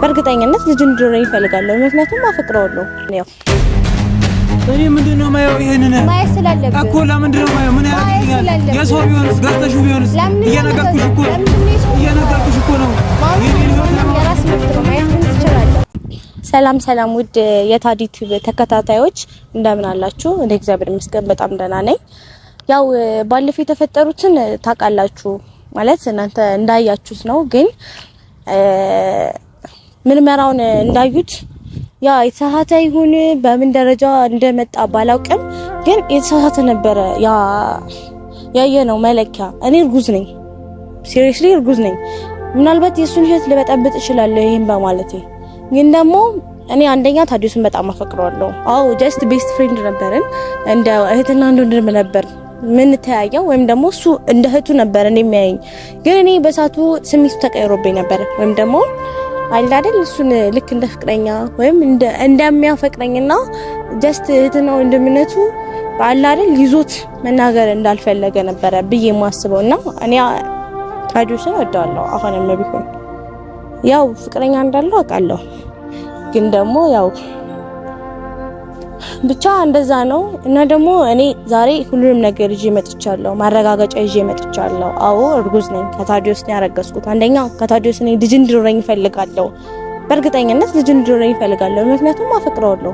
በእርግጠኝነት ልጅ እንዲኖረኝ ይፈልጋለሁ። ምክንያቱም አፈቅረዋለሁ። እኔ ምንድን ነው የማየው? ይሄንን ማየት ስላለብህ እኮ ለምንድን ነው የማየው? ምን ያደርግልኛል? የሰው ቢሆንስ ገዝተሽው ቢሆንስ? እየነገርኩሽ እኮ እየነገርኩሽ እኮ ነው። ሰላም ሰላም፣ ውድ የታዲት ተከታታዮች እንደምን አላችሁ? እንደ እግዚአብሔር ይመስገን በጣም ደህና ነኝ። ያው ባለፈው የተፈጠሩትን ታውቃላችሁ ማለት እናንተ እንዳያችሁት ነው ግን ምርመራውን እንዳዩት ያ የተሳሳተ ይሁን በምን ደረጃ እንደመጣ ባላውቅም ግን የተሳሳተ ነበረ። ያ ያየነው መለኪያ እኔ እርጉዝ ነኝ፣ ሲሪየስሊ እርጉዝ ነኝ። ምናልባት የሱን ህይወት ልበጠብጥ እችላለሁ ይሄን በማለት ግን ደግሞ እኔ አንደኛ ታዲሱን በጣም አፈቅረዋለሁ። አዎ ጀስት ቤስት ፍሬንድ ነበርን፣ እንደ እህትና እንደ ወንድም ነበር ምን ወይም ደግሞ እሱ እንደ እህቱ ነበር እኔ የሚያየኝ። ግን እኔ በሳቱ ስሜቱ ተቀይሮብኝ ነበር ወይም ደግሞ አለ አይደል? እሱን ልክ እንደ ፍቅረኛ ወይም እንደሚያፈቅረኝና ጀስት እህትና ወንድምነቱ አለ አይደል? ይዞት መናገር እንዳልፈለገ ነበረ ብዬ ማስበውና እኔ ታጆስን እወደዋለሁ። አሁንም ቢሆን ያው ፍቅረኛ እንዳለው አውቃለሁ፣ ግን ደግሞ ያው ብቻ እንደዛ ነው። እና ደግሞ እኔ ዛሬ ሁሉንም ነገር ይዤ መጥቻለሁ፣ ማረጋገጫ ይዤ መጥቻለሁ። አዎ እርጉዝ ነኝ። ከታዲዮስ ነው ያረገዝኩት። አንደኛ ከታዲዮስ ነኝ፣ ልጅ እንዲኖረኝ እፈልጋለሁ። በእርግጠኝነት ልጅ እንዲኖረኝ እፈልጋለሁ፣ ምክንያቱም አፈቅረዋለሁ።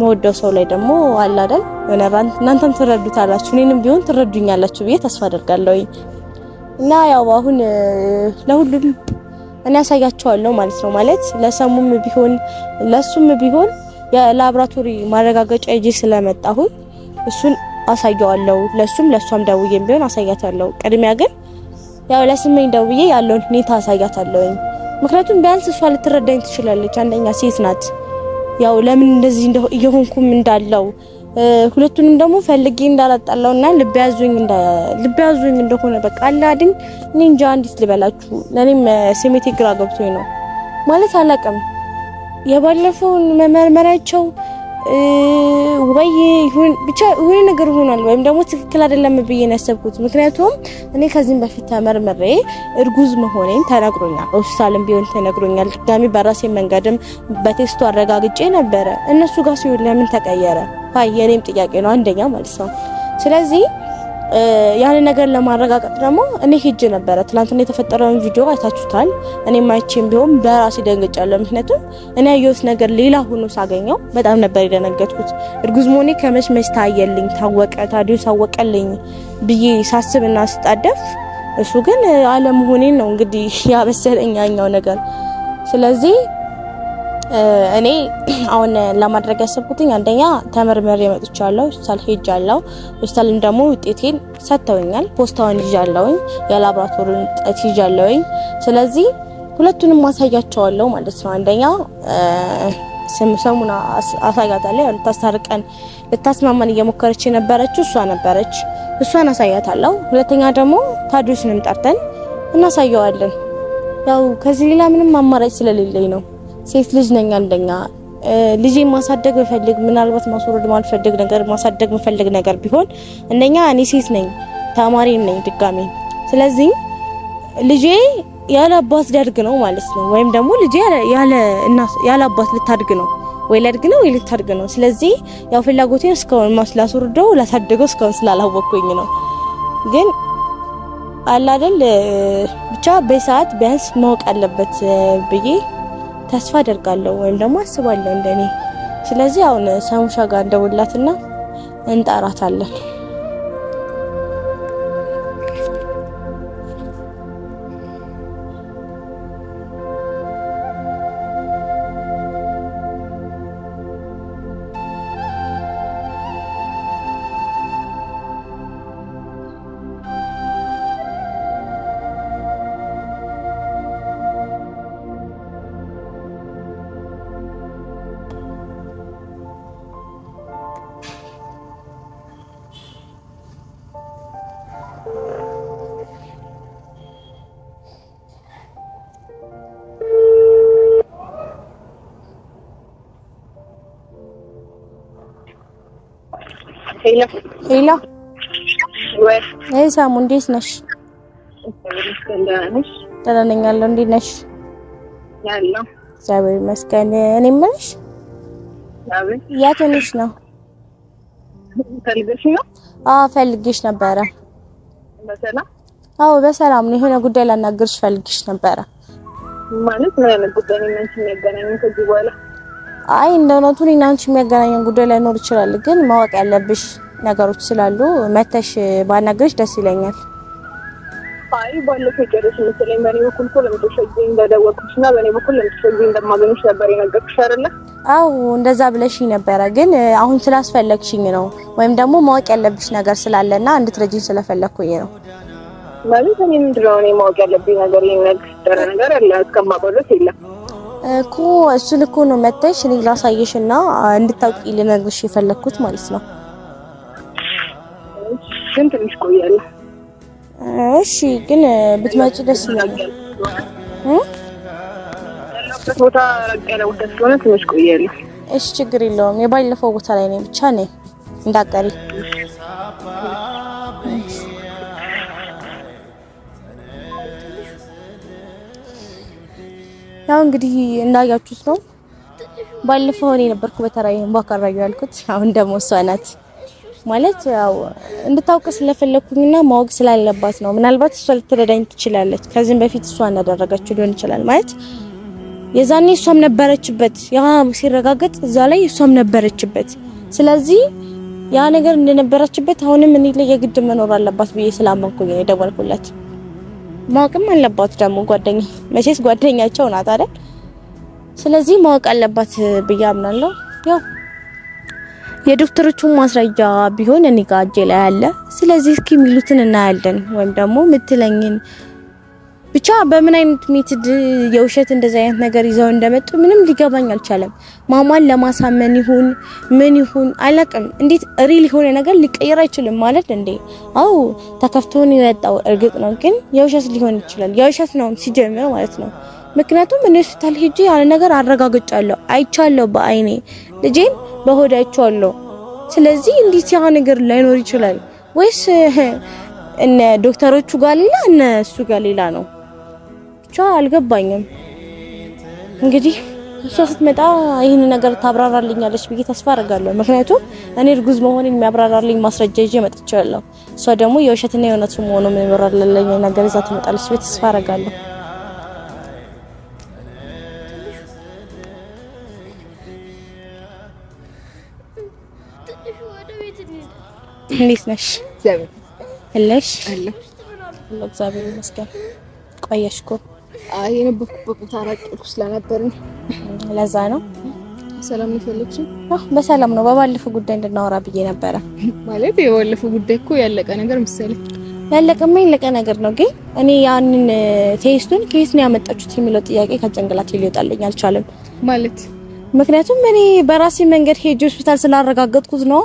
መወደው ሰው ላይ ደግሞ አለ አይደል እናንተም ትረዱታላችሁ፣ እኔንም ቢሆን ትረዱኛላችሁ ብዬ ተስፋ አደርጋለሁ። እና ያው አሁን ለሁሉም እኔ ያሳያቸዋለሁ ማለት ነው። ማለት ለሰሙም ቢሆን ለሱም ቢሆን የላብራቶሪ ማረጋገጫ ይዤ ስለመጣሁኝ እሱን አሳየዋለሁ። ለሱም ለሷም ደውዬም ቢሆን አሳያታለሁ። ቅድሚያ ግን ያው ለስመኝ ደውዬ ያለውን ሁኔታ አሳያታለሁ። ምክንያቱም ቢያንስ እሷ ልትረዳኝ ትችላለች። አንደኛ ሴት ናት። ያው ለምን እንደዚህ እየሆንኩም እንዳለው ሁለቱንም ደግሞ ፈልጌ እንዳላጣለው ልብ ያዙኝ እንደሆነ በቃ አላድን እኔ እንጃ እንዴት ልበላችሁ። ለእኔም ስሜቴ ግራ ገብቶኝ ነው ማለት አላውቅም። የባለፈውን መመርመሪያቸው ወይ ይሁን ብቻ የሆነ ነገር ሆኗል፣ ወይም ደግሞ ትክክል አይደለም ብዬ ነው ያሰብኩት። ምክንያቱም እኔ ከዚህም በፊት ተመርምሬ እርጉዝ መሆኔን ተነግሮኛል፣ ሆስፒታልም ቢሆን ተነግሮኛል። ድጋሚ በራሴ መንገድም በቴስቱ አረጋግጬ ነበረ። እነሱ ጋር ሲሆን ለምን ተቀየረ? ፋይ የኔም ጥያቄ ነው አንደኛ ማለት ነው። ስለዚህ ያንን ነገር ለማረጋገጥ ደግሞ እኔ ሄጄ ነበረ። ትናንትና የተፈጠረውን ቪዲዮ አይታችሁታል። እኔም አይቼም ቢሆን በራሴ ደንግጫለሁ። ምክንያቱም እኔ ያየሁት ነገር ሌላ ሆኖ ሳገኘው በጣም ነበር የደነገጥኩት። እርጉዝ መሆኔ ከመች መች ታየልኝ፣ ታወቀ፣ ታዲዮ ሳወቀልኝ ብዬ ሳስብና ስጣደፍ እሱ ግን አለመሆኔን ነው እንግዲህ ያበሰለኝ ያኛው ነገር ስለዚህ እኔ አሁን ለማድረግ ያሰብኩትኝ አንደኛ ተመርመሬ መጥቻለሁ። ሆስፒታል ሄጃለሁ። ሆስፒታልም ደግሞ ውጤቴን ሰጥተውኛል። ፖስታውን ይዣለሁኝ፣ የላብራቶሪን ውጤት ይዣለሁኝ። ስለዚህ ሁለቱንም ማሳያቸዋለሁ ማለት ነው። አንደኛ ሰሙና አሳያታለሁ። ልታስታርቀን ልታስማማን እየሞከረች የነበረችው እሷ ነበረች። እሷን አሳያታለሁ። ሁለተኛ ደግሞ ታዲዮስንም ጠርተን እናሳየዋለን። ያው ከዚህ ሌላ ምንም አማራጭ ስለሌለኝ ነው ሴት ልጅ ነኝ። አንደኛ ልጄ ማሳደግ ብፈልግ ምናልባት ማስወረድ ማልፈልግ ነገር ማሳደግ ምፈልግ ነገር ቢሆን አንደኛ እኔ ሴት ነኝ፣ ተማሪም ነኝ ድጋሜ። ስለዚህ ልጄ ያለ አባት ሊያድግ ነው ማለት ነው። ወይም ደግሞ ልጄ ያለ አባት ልታድግ ነው ወይ ላድግ ነው ወይ ልታድግ ነው። ስለዚህ ያው ፍላጎቴን እስካሁን ላስወርደው ላሳደገው እስካሁን ስላላወቅኩኝ ነው። ግን አላደል ብቻ በሰዓት ቢያንስ ማወቅ አለበት ብዬ ተስፋ አደርጋለሁ ወይም ደግሞ አስባለሁ እንደኔ። ስለዚህ አሁን ሳሙሻ ጋር እንደውላትና እንጠራታለን። ሄሎ ወይ ሳሙ እንዴት ነሽ? ደህና ነኝ አለሁ። እንዴት ነሽ? እግዚአብሔር ይመስገን። እኔ የምልሽ ነው አዎ ነበረ። በሰላም አዎ፣ በሰላም ነው። የሆነ ጉዳይ ላናግርሽ ፈልግሽ ነበረ። ማለት ምን አይነት ጉዳይ ነው? ከዚህ በኋላ አይ እንደ እውነቱ እኔና አንቺ የሚያገናኘን ጉዳይ ላይኖር ይችላል፣ ግን ማወቅ ያለብሽ ነገሮች ስላሉ መተሽ ባናግርሽ ደስ ይለኛል። አይ ባለፈው ጨረሽ መሰለኝ። በእኔ በኩል እኮ ለምትሸኝ እንደደወልኩሽ እና በእኔ በኩል ለምትሸኝ እንደማገኝሽ ነበር የነገርኩሽ አይደለ? አዎ እንደዛ ብለሽ ነበረ፣ ግን አሁን ስላስፈለግሽኝ ነው ወይም ደግሞ ማወቅ ያለብሽ ነገር ስላለና እንድትረጂኝ ስለፈለግኩኝ ነው። ማለት እኔ ምንድን ነው እኔ ማወቅ ያለብኝ ነገር ይነግ ነገር አለ እስከማቆለት የለም እኮ እሱ ልኮ ነው መተሽ እኔ ላሳየሽ እና እንድታውቂ ልነግርሽ የፈለግኩት ማለት ነው። ግን ትንሽ ቆያለሁ። እሺ፣ ግን ብትመጪ ደስ ይላል። ቦታ ራቅ ያለ ቦታ ስለሆነ ትንሽ ቆያለሁ። እሺ፣ ችግር የለውም። የባለፈው ቦታ ላይ ነኝ ብቻ ነኝ እንዳቀሪ ያው እንግዲህ እንዳያችሁት ነው። ባለፈው እኔ ነበርኩ በተራዬ ባካራዩ ያልኩት፣ አሁን ደግሞ እሷ ናት ማለት ያው እንድታውቅ ስለፈለኩኝና ማወቅ ስላለባት ነው። ምናልባት እሷ ልትረዳኝ ትችላለች። ከዚህም በፊት እሷ እንዳደረገችው ሊሆን ይችላል ማለት የዛኔ እሷም ነበረችበት። ያ ሲረጋገጥ እዛ ላይ እሷም ነበረችበት። ስለዚህ ያ ነገር እንደነበረችበት አሁንም እኔ ላይ የግድ መኖር አለባት ብዬ ስላመንኩኝ ነው ማወቅም አለባት ደግሞ ጓደኛ መቼስ ጓደኛቸው ናት አይደል? ስለዚህ ማወቅ አለባት ብዬ አምናለሁ። ያው የዶክተሮቹን ማስረጃ ቢሆን እኔ ጋር እጄ ላይ አለ። ስለዚህ እስኪ የሚሉትን እናያለን ወይም ደግሞ ምትለኝን ብቻ በምን አይነት ሜትድ የውሸት እንደዚህ አይነት ነገር ይዘው እንደመጡ ምንም ሊገባኝ አልቻለም። ማሟን ለማሳመን ይሁን ምን ይሁን አላቅም። እንዴት ሪል የሆነ ነገር ሊቀየር አይችልም ማለት እንዴ? አው ተከፍቶን የወጣው እርግጥ ነው፣ ግን የውሸት ሊሆን ይችላል። የውሸት ነው ሲጀምር ማለት ነው። ምክንያቱም እኔ ሆስፒታል ሄጄ ያለ ነገር አረጋግጫለሁ፣ አይቻለሁ፣ በአይኔ ልጄን በሆዴ አይቼዋለሁ። ስለዚህ እንዴት ያ ነገር ላይኖር ይችላል? ወይስ እነ ዶክተሮቹ ጋር ሌላ እነ እሱ ጋር ሌላ ነው? ብቻ አልገባኝም። እንግዲህ እሷ ስትመጣ ይህን ነገር ታብራራልኛለች ብዬ ተስፋ አደርጋለሁ። ምክንያቱም እኔ እርጉዝ መሆን የሚያብራራልኝ ማስረጃ ይዤ መጥቻለሁ። እሷ ደግሞ የውሸትና የእውነቱ መሆኑ የሚያብራራልኝ ነገር ይዛ ትመጣለች ብዬ ተስፋ አደርጋለሁ። እንዴት ነሽ? እግዚአብሔር ይመስገን። ቆየሽ እኮ የነበርኩበት ቦታ ራቅኩ ስለነበር ለዛ ነው። ሰላም ነው በሰላም ነው። በባለፈው ጉዳይ እንድናወራ ብዬ ነበረ። ማለት የባለፈው ጉዳይ እኮ ያለቀ ነገር መሰለኝ። ያለቀማ ያለቀ ነገር ነው፣ ግን እኔ ያንን ቴስቱን ከየት ነው ያመጣችሁት የሚለው ጥያቄ ከጭንቅላቴ ሊወጣልኝ አልቻለም። ማለት ምክንያቱም እኔ በራሴ መንገድ ሄጅ ሆስፒታል ስላረጋገጥኩት ነው።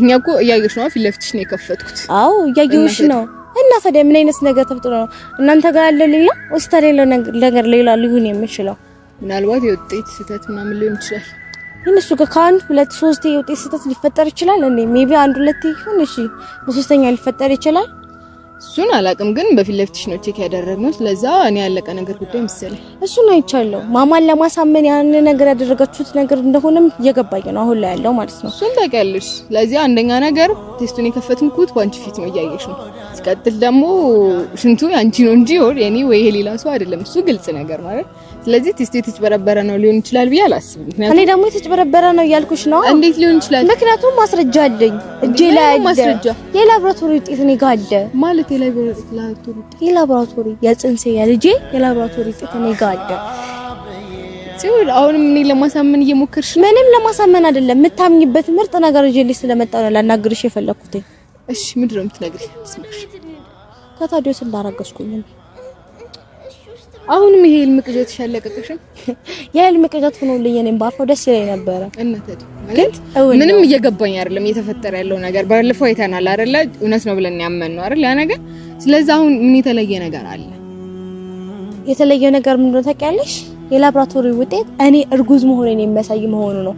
እኛ እኮ እያየሽ ነው፣ ፊት ለፊትሽ ነው የከፈትኩት። አዎ እያየሁሽ ነው እና ታዲያ ምን አይነት ነገር ተፈጥሮ ነው እናንተ ጋር ያለ ሌላ ወይስ ሌላ ነገር ሌላ ሊሆን የሚችለው? ምናልባት የውጤት ስህተት ምናምን ሊሆን ይችላል። እነሱ ጋር ከአንድ ሁለት ሶስት የውጤት ስህተት ሊፈጠር ይችላል እንዴ? ሜቢ አንድ ሁለት ይሁን እሺ፣ በሶስተኛው ሊፈጠር ይችላል። እሱን አላቅም፣ ግን በፊት ለፊትሽ ነው ቼክ ያደረግነው። ስለዛ እኔ ያለቀ ነገር ጉዳይ መሰለኝ። እሱን አይቻለሁ። ማማን ለማሳመን ያን ነገር ያደረጋችሁት ነገር እንደሆነም እየገባኝ ነው አሁን ላይ ያለው ማለት ነው። እሱን ታውቂያለሽ። ስለዚህ አንደኛ ነገር ቴስቱን የከፈትንኩት በአንቺ ፊት ነው፣ እያየሽ ነው። ሲቀጥል ደግሞ ሽንቱ አንቺ ነው እንጂ የኔ ወይ የሌላ ሰው አይደለም። እሱ ግልጽ ነገር ማለት ስለዚህ ቴስቱ የተጭበረበረ ነው ሊሆን ይችላል ብዬ አላስብም። እኔ ደግሞ የተጭበረበረ ነው እያልኩሽ ነው። እንዴት ሊሆን ይችላል? ምክንያቱም ማስረጃ አለኝ እጄ ላይ አለ ማስረጃ። የላብራቶሪ ውጤት እኔ ጋር አለ ማለት የላብራቶሪ የላብራቶሪ የጽንሴ የልጄ የላብራቶሪ ውጤት እኔ ጋር አለ። ሲውል አሁንም እኔ ለማሳመን እየሞከርሽ ምንም ለማሳመን አይደለም። የምታምኝበት ምርጥ ነገር እጄ ላይ ስለመጣ ነው ላናግርሽ የፈለኩት። እሺ ምንድን ነው የምትነግሪኝ? ከታዲያ ስላረገዝኩኝ ነው አሁንም ይሄ ህልም ቅዠት ሸለቀቅሽም የህልም ቅዠት ሆኖልኝ እኔም ባርፈው ደስ ይለኝ ነበረ። ምንም እየገባኝ አይደለም እየተፈጠረ ያለው ነገር። ባለፈው አይተናል አይደለ? እውነት ነው ብለን ያመን ነው አይደል? ያ ነገር። ስለዚህ አሁን ምን የተለየ ነገር አለ? የተለየ ነገር ምንድነው ታውቂያለሽ? የላብራቶሪ ውጤት እኔ እርጉዝ መሆኔን የሚያሳይ መሆኑ ነው።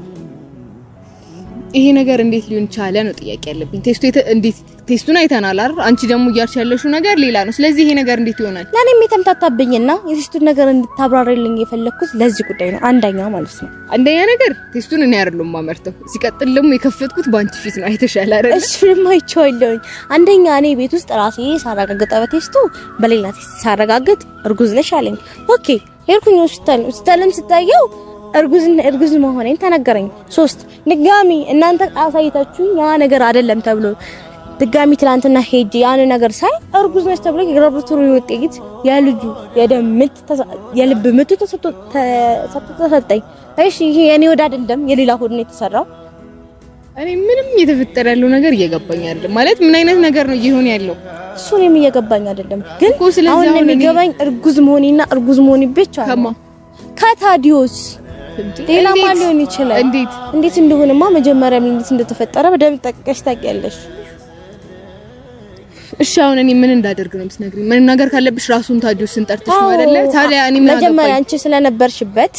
ይሄ ነገር እንዴት ሊሆን ቻለ ነው ጥያቄ ያለብኝ። ቴስቱ እንዴት ቴስቱን አይተናል አይደል? አንቺ ደግሞ እያልሽ ያለሽው ነገር ሌላ ነው። ስለዚህ ይሄ ነገር እንዴት ይሆናል? ለኔም የተምታታብኝና የቴስቱን ነገር እንድታብራሪልኝ የፈለኩት ለዚህ ጉዳይ ነው። አንደኛ ማለት ነው አንደኛ ነገር ቴስቱን እኔ አይደለም ማመርተው። ሲቀጥል ደግሞ የከፈትኩት ባንቺ ፊት ነው። አይተሻል አይደል? እሱንም አይቼዋለሁኝ። አንደኛ እኔ ቤት ውስጥ ራሴ ሳረጋግጥ በቴስቱ በሌላ ቴስት ሳረጋግጥ እርጉዝ ነሽ አለኝ። ኦኬ ሄድኩኝ ሆስፒታል ስታለም ስታየው እርጉዝ እርጉዝ መሆኔን ተነገረኝ። ሶስት ድጋሚ እናንተ አሳይታችሁ ያ ነገር አይደለም ተብሎ ድጋሚ ትላንትና ሄጄ ያን ነገር ሳይ እርጉዝ ነች ተብሎ የላብራቶሪ ውጤት የልጁ የደም ምት የልብ ምት ተሰጥቶ ተሰጠኝ። እሺ ይሄ የኔ ወደ አይደለም የሌላ ሆድ ነው የተሰራው። እኔ ምንም እየተፈጠረ ያለው ነገር እየገባኝ አይደለም። ማለት ምን አይነት ነገር ነው እየሆነ ያለው እሱ እኔም እየገባኝ አይደለም። ግን አሁን የሚገባኝ እርጉዝ መሆኔና እርጉዝ መሆኔ ብቻ ነው። ከታዲዮስ ሌላማ ሊሆን ይችላል። እንዴት እንዴት እንደሆነማ መጀመሪያም እንዴት እንደተፈጠረ በደንብ ጠቅቀሽ ታውቂያለሽ። እሺ አሁን እኔ ምን እንዳደርግ ነው የምትነግሪኝ? ምን ካለብሽ ራሱን ታዲዮስን ጠርተሽ ነው አይደለ? ታዲያ እኔ መጀመሪያ አንቺ ስለነበርሽበት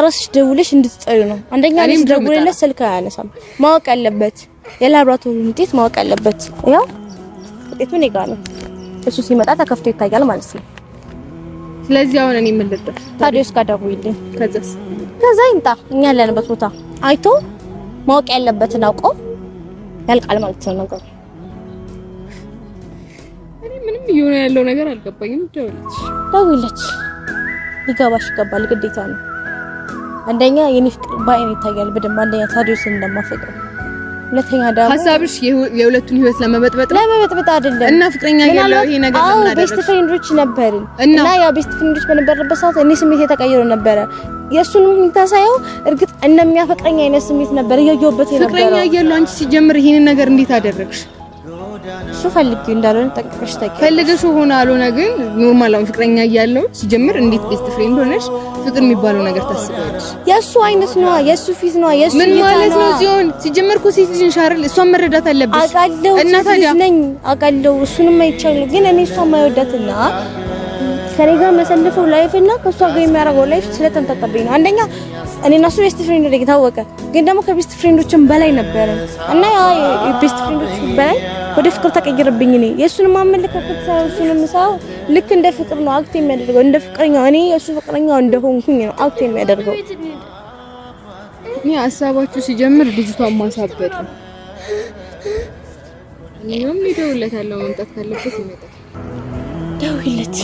እራስሽ ደውለሽ እንድትጠሪ ነው። አንደኛ ልጅ ደውለሽ ስልክ አያነሳም። ማወቅ አለበት፣ የላብራቶሪ ውጤት ማወቅ አለበት። ያው ውጤቱ እኔ ጋር ነው። እሱ ሲመጣ ተከፍቶ ይታያል ማለት ነው። ስለዚህ አሁን እኔ ምን ልበል ታዲያ እስከ ደውይልኝ። ከዛስ ከዛ ይምጣ እኛ ያለንበት ቦታ አይቶ ማወቅ ያለበትን አውቆ ያልቃል ማለት ነው ነገሩ። እኔ ምንም እየሆነ ያለው ነገር አልገባኝም። ደውልልሽ ደውልልሽ ሊገባሽ ይገባል፣ ግዴታ ነው። አንደኛ የኔ ፍቅር በአይን ይታያል በደንብ አንደኛ ታዲያ እንደማፈቅረው ሁለተኛ ደግሞ ሀሳብሽ የሁለቱን ህይወት ለመበጥበጥ ለመበጥበጥ አይደለም እና ፍቅረኛ ያለው ይሄ ነገር ለምን አደረሽ? ቤስት ፍሬንዶች ነበር እና ያው ቤስት ፍሬንዶች በነበረበት ሰዓት እኔ ስሜት የተቀየረ ነበረ። የእሱን ሁኔታ ሳየው እርግጥ እንደሚያፈቅረኛ አይነት ስሜት ነበር እያየሁበት የነበረው። ፍቅረኛ እያለው አንቺ ሲጀምር ይሄንን ነገር እንዴት አደረግሽ? ፈልገሽው ፈልጊ እንዳልሆነ ጠቅቀሽ ታውቂ ፈልገሽው ሆነ አልሆነ ግን ኖርማል አሁን ፍቅረኛ እያለው ሲጀምር እንዴት ቤስት ፍሬንድ ሆነሽ ፍቅር የሚባለው ነገር ታስቢያለሽ? የሱ አይነት ነው፣ የሱ ፊት ነው፣ የሱ ምን ማለት ነው ሲሆን ሲጀምር እኮ ሴት ልጅ ሻርል እሷን መረዳት አለብሽ። አውቃለሁ፣ እና ታዲያ ነኝ አውቃለሁ፣ እሱንም አይቻለሁ። ግን እኔ እሷ ማይወዳትና ከኔ ጋር መሰልፈው ላይፍ እና ከሷ ጋር የሚያደርገው ላይፍ ስለተንጠጠብኝ ነው። አንደኛ እኔ እና እሱ ቤስት ፍሬንድ ነኝ ታወቀ፣ ግን ደግሞ ከቤስት ፍሬንዶችም በላይ ነበረ እና ያ ቤስት ፍሬንዶች በላይ ወደ ፍቅር ተቀይርብኝ። እኔ የእሱን ማመለካከት ሳይሆን እሱንም ሳይሆን ልክ እንደ ፍቅር ነው አክት የሚያደርገው እንደ ፍቅረኛ እኔ የእሱ ፍቅረኛ እንደሆንኩኝ ነው አክት የሚያደርገው። እኔ ሀሳባችሁ ሲጀምር ልጅቷን ማሳበጥ ነው። እኔም እደውልለታለሁ መምጣት ካለበት ይመጣል። ደውልለት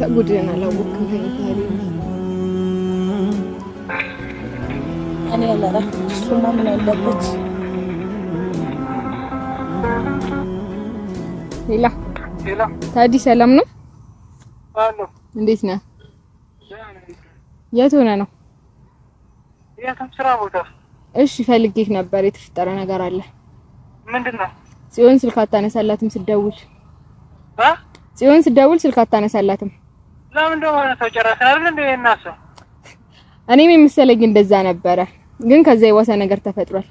ተጉድን አላወቅም። እኔ አላላም። እሱማ ምን አለበት? ሌላ ታዲ ሰላም ነው? እንዴት ነህ? የት ሆነህ ነው? እሺ፣ ፈልጌህ ነበር። የተፈጠረ ነገር አለ። ምንድን ጽዮን ስልክ አታነሳላትም ስደውል። ጽዮን ስደውል ስልክ አታነሳላትም። ለምን ደሆነ ሰው እኔም የምሰለኝ እንደዛ ነበረ፣ ግን ከዛ የዋሰ ነገር ተፈጥሯል።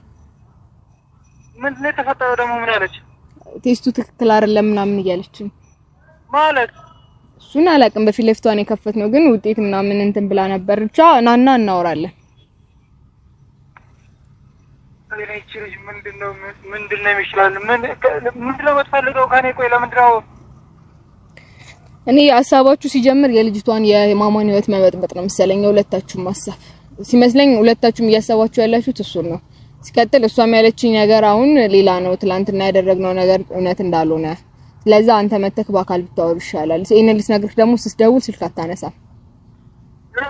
ምንድን ነው የተፈጠረው ደግሞ? ምን አለች? ቴስቱ ትክክል አይደለም ምናምን እያለች ማለት እሱን አላውቅም። በፊት ለፊቷን የከፈት ነው ግን ውጤት ምናምን እንትን ብላ ነበር። ብቻ ናና እናወራለን። ምንድነው የሚሻለው? ምንድነው የምትፈልገው ከኔ? ቆይ ለምንድን እኔ ሀሳባችሁ ሲጀምር የልጅቷን የማማን ህይወት መበጥበጥ ነው መሰለኝ የሁለታችሁም ማሳፍ ሲመስለኝ፣ ሁለታችሁም እያሰባችሁ ያላችሁት እሱን ነው። ሲቀጥል እሷም ያለችኝ ነገር አሁን ሌላ ነው። ትላንትና ያደረግነው ነገር እውነት እንዳልሆነ ለዛ አንተ መተክ በአካል ብታወሩ ይሻላል። ይሄንን ልትነግርህ ደግሞ ስትደውል ስልክ አታነሳም።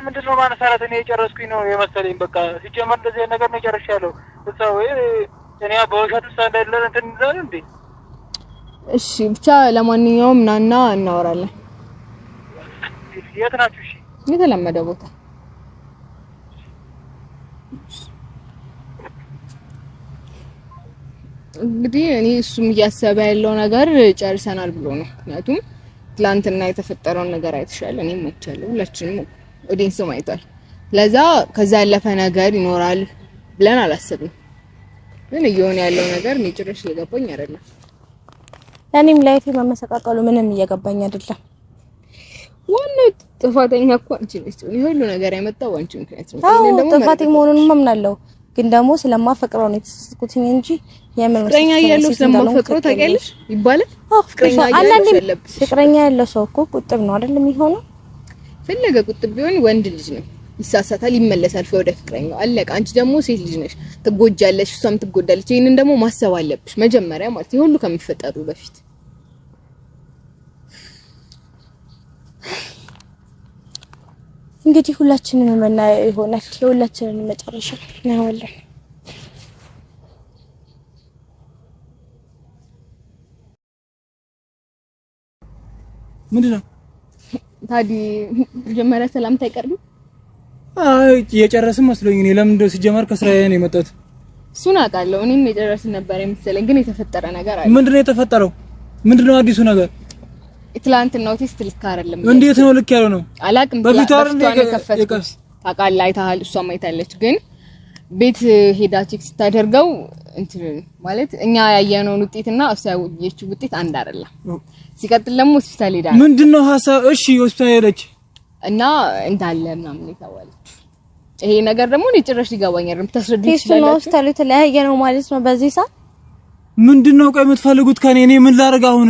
ምንድን ነው ማነሳራት? እኔ የጨረስኩኝ ነው የመሰለኝ። በቃ ሲጀመር እንደዚህ ነገር ነው ጨርሻለሁ። ሰው እኔ በውሸት ውስጥ እንዳለ እንትን እንላለን እንዴ? እሺ ብቻ ለማንኛውም ናና እናወራለን። የት ናችሁ? እሺ፣ የተለመደ ቦታ እንግዲህ እኔ እሱም እያሰበ ያለው ነገር ጨርሰናል ብሎ ነው። ምክንያቱም ትላንትና የተፈጠረውን ነገር አይተሻል፣ እኔም አይቻለሁ፣ ሁላችንም ኦዲየንስም አይቷል። ለዛ ከዛ ያለፈ ነገር ይኖራል ብለን አላሰብም። ግን እየሆነ ያለው ነገር እኔ ጭራሽ እየገባኝ አይደለም። ለእኔም ላይፌ መመሰቃቀሉ ምንም እየገባኝ አይደለም። ዋናው ጥፋተኛ እኮ አንቺ ነሽ። ሁሉ ነገር ያመጣው አንቺ ምክንያት ነው። ጥፋቴ መሆኑን ግን ደግሞ ስለማፈቅረው ነው እንጂ ፍቅረኛ ያለው ስለማፈቅረው ታውቂያለሽ ይባላል። ፍቅረኛ ያለው ሰው እኮ ቁጥብ ነው አይደል የሚሆነው። ፈለገ ቁጥብ ቢሆን ወንድ ልጅ ነው፣ ይሳሳታል፣ ይመለሳል ወደ ፍቅረኛው። አለቀ። አንቺ ደግሞ ሴት ልጅ ነሽ፣ ትጎጃለሽ፣ እሷም ትጎዳለች። ይሄንን ደግሞ ማሰብ አለብሽ መጀመሪያ ማለት ይሄ ሁሉ ከሚፈጠሩ በፊት እንግዲህ ሁላችንም የምናየው ይሆናል። የሁላችንን መጨረሻ እናያለን። ምንድን ነው ታዲያ መጀመሪያ ሰላምታ አይቀርብም? አይ የጨረስን መስሎኝ እኔ ለምን እንደው ሲጀመር ከስራዬ ነው የመጣሁት። እሱን አውቃለሁ። እኔም የጨረስን ነበር የምትሰለኝ፣ ግን የተፈጠረ ነገር አለ። ምንድን ነው የተፈጠረው? ምንድን ነው አዲሱ ነገር? ትላንትና ቴስት ልክ አይደለም። እንዴት ነው ልክ ያለው ነው አላውቅም። በፊቷ ታውቃለህ፣ አይተሃል፣ እሷ አይታለች። ግን ቤት ሄዳ ቼክ ስታደርገው እንትን ማለት እኛ ያየነውን ውጤትና እሷ ያየችው ውጤት አንድ አይደለም። ሲቀጥል ደግሞ ሆስፒታል ሄዳ ምንድነው ሀሳብ እሺ፣ ሆስፒታል ሄደች እና እንዳለ ምናምን የታወለች ይሄ ነገር ደግሞ እኔ ጭራሽ ሊገባኝ አይደለም። ተስረድኝ ይችላል ቴስቱና የተለያየ ነው ማለት ነው በዚህ ሰዓት ምንድነው ቆይ የምትፈልጉት ከኔ? እኔ ምን ላደርግ አሁን?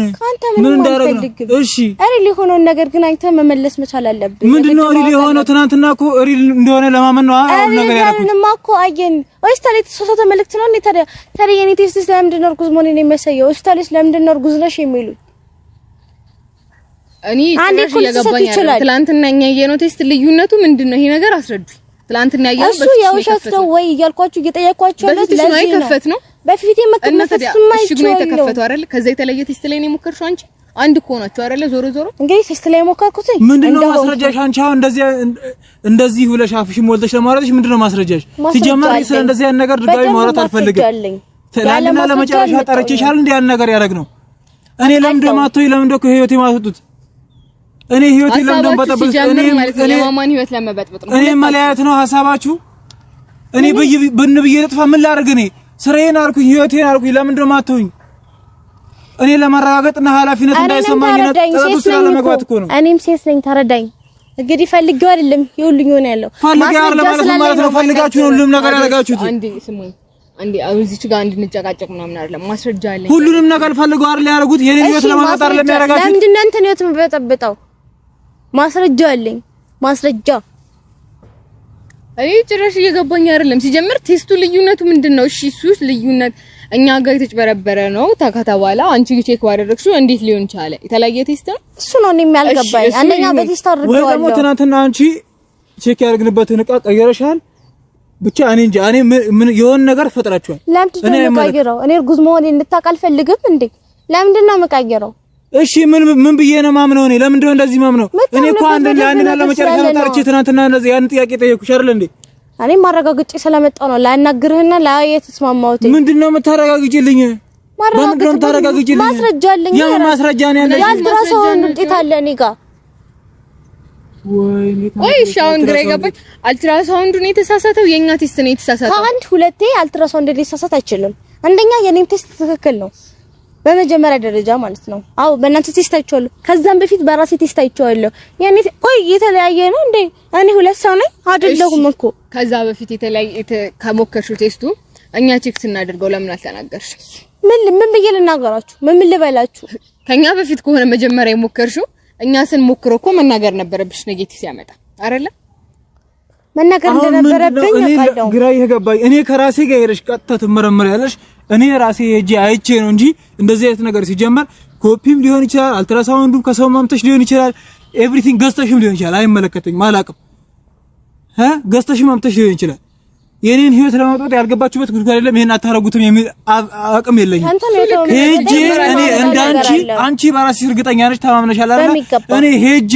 ምን እንዳደርግ እሺ ሪል የሆነውን ነገር ግን አይተህ መመለስ መቻል አለብህ። ምንድነው ሪል የሆነው? ትናንትና እኮ ሪል እንደሆነ ለማመን ነው አሁን ነገር ያለው። እኔ ምንም እኮ አየን። ወይስ ታዲያ የተሳሳተ መልዕክት ነው? እኔ ታዲያ ታዲያ የኔ ቴስት ለምንድን ነው እርጉዝ መሆኔን የሚያሳየው? ወይስ ታዲያ ለምንድን ነው እርጉዝ ነሽ የሚሉት? እኔ ትንሽ እየገባኝ ይችላል። ትናንትና እኛ የኖ ቴስት ልዩነቱ ምንድነው? ይሄ ነገር አስረዱኝ። ትናንትና ያየሁበት እሱ የውሸት ነው ወይ እያልኳችሁ እየጠየኳችሁ ነው። ለዚህ ነው በፊት የመቀመጥ እሱማ ይችላል ነው የተከፈተው አይደል? ከዛ የተለየ ቴስት ላይ ነው የሞከርሽው አንቺ። አንድ እኮ ናቸው አይደለ? ዞሮ ዞሮ እንግዲህ ቴስት ላይ የሞከርኩት ምንድነው ማስረጃሽ? አንቺ አሁን እንደዚህ እንደዚህ ብለሽ አፍሽ ሞልተሽ ለማውራትሽ ምንድነው ማስረጃሽ? ሲጀመር ስለ እንደዚህ ያን ነገር ድጋሚ ማውራት አልፈልግም። ትናንትና ለመጨረሻ ጠርቼሻል። እንደ ያን ነገር ያደረግ ነው እኔ ለምንድን ነው አትወይ? ለምንድን ነው ከህይወቴ የማትወጡት? እኔ ህይወቴ ለምንድን ነው በጠብቅ? እኔ ማለት ነው ህይወት ለመበጥበጥ ነው። እኔ መለያየት ነው ሀሳባችሁ። እኔ ብይ ብን ብዬ ልጥፋ ምን ላድርግ እኔ ስራዬን አልኩኝ፣ ህይወቴን አልኩኝ። ለምን እንደማትሆኝ እኔ ለማረጋገጥና ኃላፊነት እንዳይሰማኝ ነው ጥሩ ስራ ለመግባት እኮ ነው። እኔም ሴት ነኝ፣ ተረዳኝ። እንግዲህ ፈልጌው አይደለም ይኸውልኝ፣ ሆነ ያለው ፈልጌው አይደለም ማለት ነው። ማለት ነው ፈልጋችሁ ነው ሁሉም ነገር ያደረጋችሁት። አንዴ ስሙኝ፣ አንዴ እዚች ጋር እንድንጨቃጨቅ ምናምን አይደለም፣ ማስረጃ አለኝ። ሁሉንም ነገር ፈልገው አይደል ያደረጉት። የኔ ህይወት ለማጣጣር አይደለም ያደረጋችሁት። ለምንድን ነው እንትን ህይወት የምበጠብጠው? ማስረጃ አለኝ፣ ማስረጃ እኔ ጭራሽ እየገባኝ አይደለም። ሲጀምር ቴስቱ ልዩነቱ ምንድነው? እሺ እሱስ ልዩነት እኛ ጋር የተጭበረበረ ነው ከተባለ አንቺ ቼክ ባደረግሽው እንዴት ሊሆን ቻለ? የተለያየ ቴስት ነው እሱ ነው እኔም ያልገባኝ። አንደኛ በቴስት አድርገዋለሁ ወይ ደግሞ ትናንትና አንቺ ቼክ ያደርግንበትን እቃ ቀየረሻል። ብቻ እኔ እንጂ እኔ ምን የሆነ ነገር ፈጥራችኋል። ለምንድን ነው የምቀይረው? እኔ እርጉዝ መሆኔን እንድታውቅ አልፈልግም እንዴ? ለምንድን ነው የምቀይረው? እሺ ምን ምን ብዬ ነው ማምነው? እኔ ለምን እንደዚህ ማምነው? እኔ እኮ አንድ ለአንድ ለመጨረሻ መጣርቼ ትናንትና እንደዚህ ያን ጥያቄ ጠየቅኩሽ አይደል እንዴ? እኔ ማረጋግጬ ስለመጣሁ ነው ላናግርህና የተስማማሁት። ምንድን ነው የምታረጋግጪልኝ? ማስረጃ ማስረጃልኝ። ያ ማስረጃ ነው ያለኝ። ያልተራሰውን ውጤት አለ እኔ ጋር ወይ እሺ፣ አሁን ግራ የገባኝ ነው የተሳሳተው የኛ ቴስት ነው የተሳሳተው። ከአንድ ሁለቴ አልትራሳውንድ ሊሳሳት አይችልም። አንደኛ የኔም ቴስት ትክክል ነው። በመጀመሪያ ደረጃ ማለት ነው። አዎ በእናንተ ቴስት አይቼዋለሁ። ከዛም በፊት በራሴ ቴስት አይቼዋለሁ። ያኔ ቆይ የተለያየ ነው እንዴ? እኔ ሁለት ሰው ነኝ አይደለሁም እኮ። ከዛ በፊት የተለያየ ከሞከርሽ ቴስቱ እኛ ቼክ ስናደርገው ለምን አልተናገርሽ? ምን ምን ብዬ ልናገራችሁ? ምን ልበላችሁ? ከኛ በፊት ከሆነ መጀመሪያ የሞከርሽው እኛ ስንሞክረው እኮ መናገር ነበረብሽ። ነጌቲቭ ሲያመጣ አይደለም መናገር እንደነበረብኝ አውቃለሁ። ግራ የገባኝ እኔ ከራሴ ጋር ሄደሽ ቀጥታ ትመረምሪያለሽ። እኔ ራሴ ሄጄ አይቼ ነው እንጂ እንደዚህ አይነት ነገር ሲጀመር ኮፒም ሊሆን ይችላል፣ አልትራሳውንዱም ከሰው ማምተሽ ሊሆን ይችላል፣ ኤቭሪቲንግ ገዝተሽም ሊሆን ይችላል። አይመለከተኝም፣ አላውቅም። ሀ ገዝተሽም ማምተሽ ሊሆን ይችላል። የኔን ህይወት ለማውጣት ያልገባችሁበት ጉድጓድ አይደለም። ይሄን አታረጉትም የሚል አቅም የለኝም። ሄጄ እኔ እንዳንቺ አንቺ በራስሽ እርግጠኛ ነሽ፣ ተማምነሻል አይደል? እኔ ሄጄ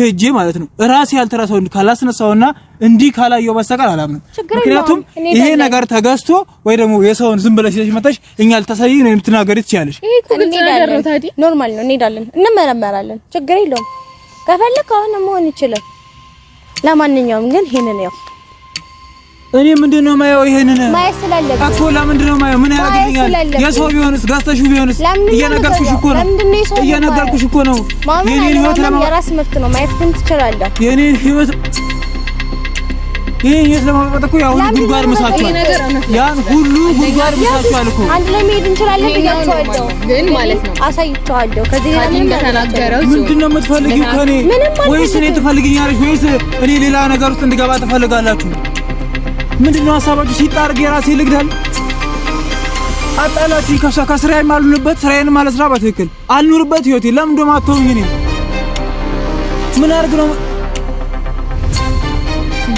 ሄጄ ማለት ነው ራሴ ያልተራሰው ካላስነሳውና እንዲህ ካላየው በስተቀር አላምንም። ምክንያቱም ይሄ ነገር ተገዝቶ ወይ ደግሞ የሰውን ዝም ብለሽ ይዘሽ መጣሽ እኛ ልታሳይ ነው ልትናገሪ ትችያለሽ። ኖርማል ነው። እንሄዳለን፣ እንመረመራለን። ችግር የለውም። ከፈለክ አሁን መሆን ይችላል። ለማንኛውም ግን ይሄንን ያው እኔ ምንድን ነው የማየው? ይሄንን ማየት ስላለብኝ እኮ ለምንድን ነው የማየው? ምን ያደርግልኛል? የሰው ቢሆንስ ጋስተሽው ቢሆንስ? እየነገርኩሽ እኮ ነው፣ እየነገርኩሽ እኮ ነው። የኔን ህይወት ለማ የራስ መብት ነው፣ ማየት ግን ትችላለህ። የኔን ህይወት ይሄን ህይወት ለማበጠት እኮ ያ ሁሉ ጉድጓድ መሳችኋል፣ ያን ሁሉ ጉድጓድ መሳችኋል እኮ። አንድ ላይ መሄድ እንችላለን ብያቸዋለሁ፣ ግን ማለት ነው አሳይቼዋለሁ። ከዚህ ላይ ምንድን ነው የምትፈልጊው ከእኔ? ወይስ እኔ ትፈልጊኛለሽ? ወይስ እኔ ሌላ ነገር ውስጥ እንድገባ ትፈልጋላችሁ? ምንድነው ሀሳባችሁ? ሲጣርግ የራሴ ልግዳል አጣላችሁ ከሷ ከስራዬም አልውልበት ስራዬንም አልስራ በትክክል አልኑርበት ህይወቴ ለምን ደማ አትሆኝ እኔ ምን አርግ ነው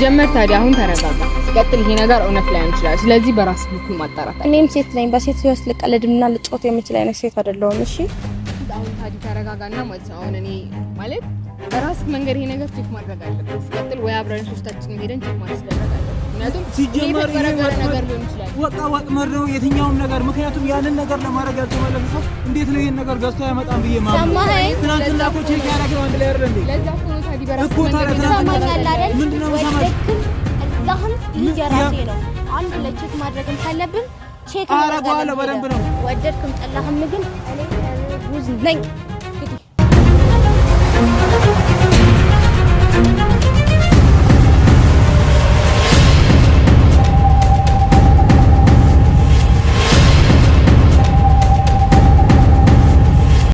ጀመር። ታዲያ አሁን ተረጋጋ፣ ቀጥል። ይሄ ነገር እውነት ላይ ይችላል። ስለዚህ በራስ ልኩ ማጣራት። እኔም ሴት ነኝ፣ በሴት ህይወት ልቀልድምና ልጮት የምችል አይነት ሴት አይደለሁም። እሺ አሁን ታዲያ ተረጋጋና ማለት ነው አሁን እኔ ማለት በራስ መንገድ ይሄ ነገር ቼክ ማድረግ አለበት። ቀጥል ወይ አብረን ሶስታችን ሄደን ቼክ ማድረግ አለበት። ምክንያቱም ሲጀመር ነገር ሊሆን ይችላል ወጣ ወጥመድ ነው የትኛውም ነገር። ምክንያቱም ያንን ነገር ለማድረግ ያልተመለሰ ሰው እንዴት ነው ይሄን ነገር ገዝቶ ያመጣም ብዬ ማምነው። ትናንትና እኮ ቼክ ያደረግነው አንድ ላይ አይደል እንዴ? ለዛ እኮ ነው ታዲያ በራሱ ምንድን ነው ሰማሽ? ላህም ልጅ ነው አንድ ላይ ማድረግም ካለብን ቼክ አረጋለሁ። በደንብ ነው ወደድክም ጠላህም ግን እኔ ጉዝ ነኝ።